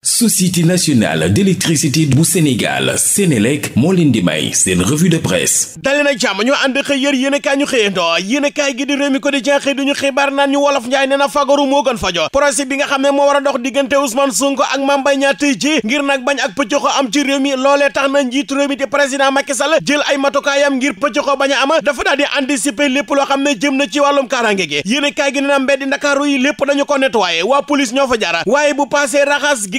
société nationale d'électricité bu Sénégal Sénélec moo leen di may seen revue de presse dali na jàmm ñoo ànd xëy yër yéen kaay ñu xëyandoo yéen kaay gi di Rewmi Quotidien xëy duñu xibaar naan ñu wolof njaay nee fagaru moo gën fajo procès bi nga xam ne moo war a dox diggante Ousmane Sonko ak Mame Mbaye Niang tey ngir nag bañ ak pëccoxoo am ci réew mi tax na njiitu réew di président Macky Sall jël ay matukaayam ngir pëccoxoo bañ a am dafa daal di anticiper lépp loo xam ne jëm na ci wàllum kaaraange gi yéen kaay gi nee ko nettoyé waa police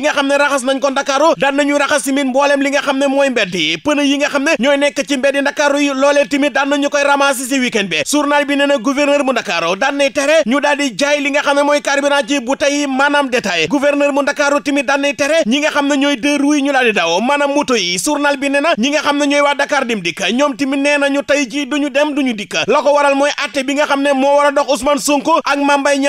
nga xam ne raxas nañ ko ndakaaru daan nañu raxas tamit mbooleem li nga xam ne mooy mbedd yi pneu yi nga xam ne ñooy nekk ci mbedd ndakaaru yi loolee tamit nañu koy ramasser si week-end bi bi nee na gouverneur bu ndakaaru daan nay tere ñu daal jaay li nga xam ne mooy carburant ci bouteille maanaam détail gouverneur bu ndakaaru tamit daan nay tere ñi nga xam ne ñooy deux ñu daal daw maanaam moto yi bi nee na ñi nga xam ne ñooy waa Dakar Dem Dikk ñoom tamit ko waral mooy atte xam ne moo war a dox Ousmane Sonko ak Mame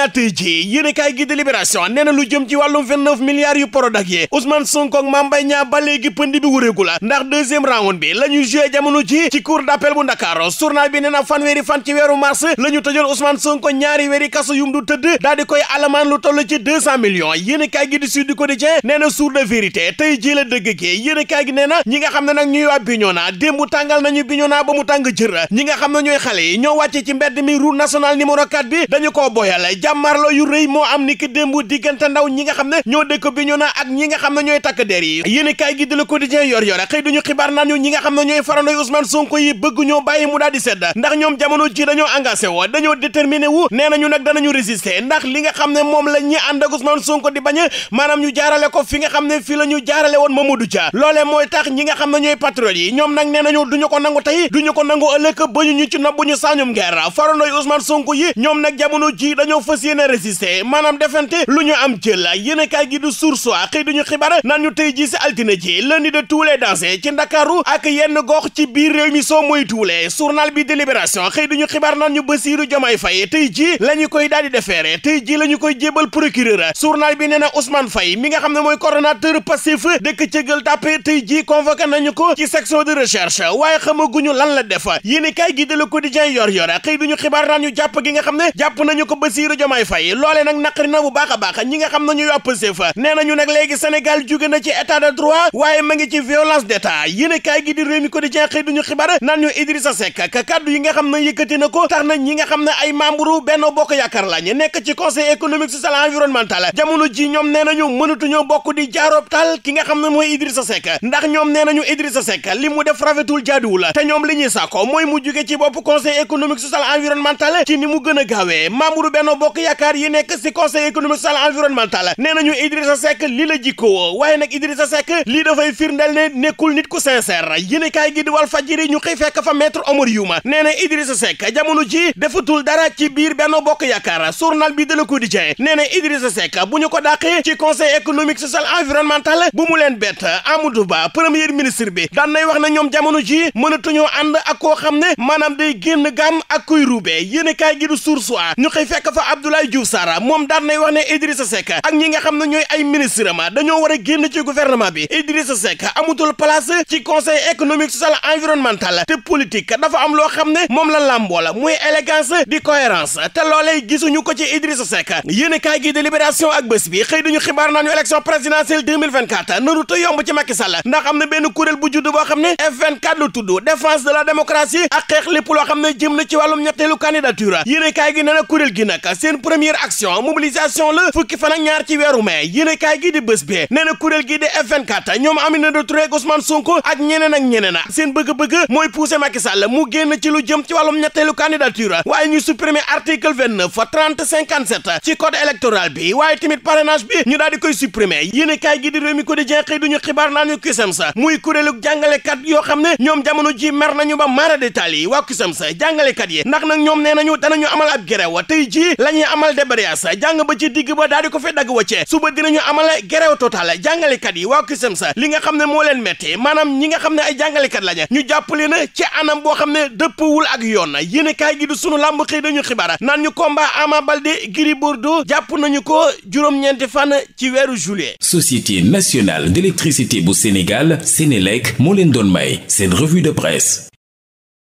Mbaye Prodac yi Ousmane Sonko ak Mame Mbaye Niang ba léegi pënd bi wuréegu la ndax deuxième round bi la ñu joué jamono ci cour d'appel bu Ndakaaru journal bi nee na fanweeri fan ci weeru mars la ñu tëjoon Ousmane Sonko ñaari weeri kaso yum du tëdd daal koy alamaan lu toll ci deux cent millions yéen kaay gi di Sud Quotidien nee na sourd de vérité tey ji la dëgg gi yéen kaay gi nee ñi nga xam ne nag waa Bignona démb tàngal nañu Bignona ba bi dañu koo boyal jàmmarloo ak ñi nga xam na ñooy takk der yi yéen kaay gi di Le Quotidien yor yor xëy duñu xibaar naan ñu ñi nga xam ne ñooy farandoy Ousmane Sonko yi bëgg ñoo bàyyi mu daal sedd ndax ñoom jamono ji dañoo engagé woo dañoo déterminé wu nee nañu nag danañu résister ndax li nga xam ne moom la ñi ànd ak Ousmane sunk di bañ maanaam ñu jaarale ko fi nga xam ne fii la ñu jaarale woon ma Mamadou Dia loolee mooy tax ñi nga xam ne ñooy patriote yi ñoom nag nee nañu duñu ko nangu tey ko nangu ëllëg ba ñu ñu ci nopp ñu sañum guerre farandoy ñoom nag jamono ji dañoo fas yéene résister maanaam defante lu ñu am jël yéen kaay gi du source xëy duñu xibaar naan ñu tey ji si altine ji lundi de tous les dangers ci ndakaaru ak yenn gox ci biir réew mi soo mooy tuulee surnal bi délibération xëy duñu xibaar naan ñu Bassirou Diomaye Faye tey ji la ñu koy daal di defeere tey ji la ñu koy jébal procureur journal bi nee na Ousmane Faye mi nga xam ne mooy coordonnateur Pastef dëkk ci Gueule Tapée tey ji convoqué nañu ko ci section de recherche waaye xamaguñu lan la def yéen kay gi de Le Quotidien yor yor xëy duñu xibaar naan ñu jàpp gi nga xam ne jàpp nañu ko Bassirou Diomaye Faye loolee na bu baax a baax ñi nga ñu yàpp Pastef nee nañu nag léegi Sénégal jóge na ci état de droit waaye ma ngi ci violence d'état yéen a kaay gi di réew mi ko di jenxëy ñu xibaar naan ñu Idrissa Seck ka kaddu yi nga xam ne yëkkati na ko tax na ñi nga xam ne ay membre Benno Bokk Yaakaar la ñu nekk ci conseil économique social et environnemental jamono ji ñoom nee nañu mënatuñoo bokk di jaaroob taal ki nga xam ne mooy Idrissa Seck ndax ñoom nee nañu Idrissa Seck li mu def rafetul jaaduwul te ñoom li ñuy sàkko mooy mu jóge ci bopp conseil économique social et environnemental ci ni mu gën a gaawee membre Benno Bokk Yaakaar yi nekk ci conseil économique social et nee nañu Idrissa Seck li la jikkoo waaye nag Idrissa Seck lii dafay firndeel ne nekkul nit ku sincère yéene kaay gi di Walf Fadjri ñu xëy fekk fa maître Omar Youma nee na Idrissa Seck jamono ji defatul dara ci biir Benno Bokk Yaakaar journal bi de Le Quotidien nee na Idrissa Seck bu ñu ko dàqee ci conseil économique social environnemental bu mu leen bett Amadou Ba premier ministre bi daan wax na ñoom jamono ji mënatuñoo ànd ak koo xam ne maanaam day génn gàmm ak kuy ruube yéene kaay gi du Source A ñu xëy fekk fa Abdoulaye Diouf Sarr moom daan nay wax ñi nga xam ne ñooy ay ministre gouvernement dañoo war a génn ci gouvernement bi Idrissa Seck amutul place ci conseil économique social environnemental te politique dafa am loo xam ne moom la làmboola muy élégance di cohérence te loolee gisuñu ko ci Idrissa Seck yéen kaay gi délibération ak bés bi xëy dañu xibaar naa ñu élection présidentielle 2024 naru te yomb ci Macky Sall ndax am benn kuréel bu boo xam ne F24 lu tudd défense de la démocratie ak xeex lépp loo xam ne jëm na ci wàllum di bés bee nee na kuréel gii di F24 ñoom Aminata Touré ak Ousmane Sonko ak ñeneen ak ñeneen a seen bëgg-bëgg mooy pousser Macky Sall mu génn ci lu jëm ci wàllum ñetteelu candidature waaye ñu supprimer article 29 30 57 ci code électoral bi waaye tamit parrainage bi ñu daal koy supprimer yéen a gi di Rewmi Quotidien xëy duñu xibaar naan ñu CUSEMS muy kuréelu jàngalekat yoo xam ne ñoom jamono ji mer nañu ba mara détail yi waa CUSEMS jàngalekat yi ndax nag ñoom grève totale jàngalekat yi waa CUSEMS li nga xam ne moo leen metti maanaam ñi nga xam ne ay jàngalekat lañu ñu jàppale na ci anam boo xam ne dëppwul ak yoon yéen kaay gi du sunu làmb xëy dañu xibaar nan ñu combat Ama Baldé Gris Bordeaux jàpp nañu ko juróom-ñeenti fan ci weeru juillet. Société nationale d'électricité bu Sénégal Sénélec moo leen doon may seen revue de presse.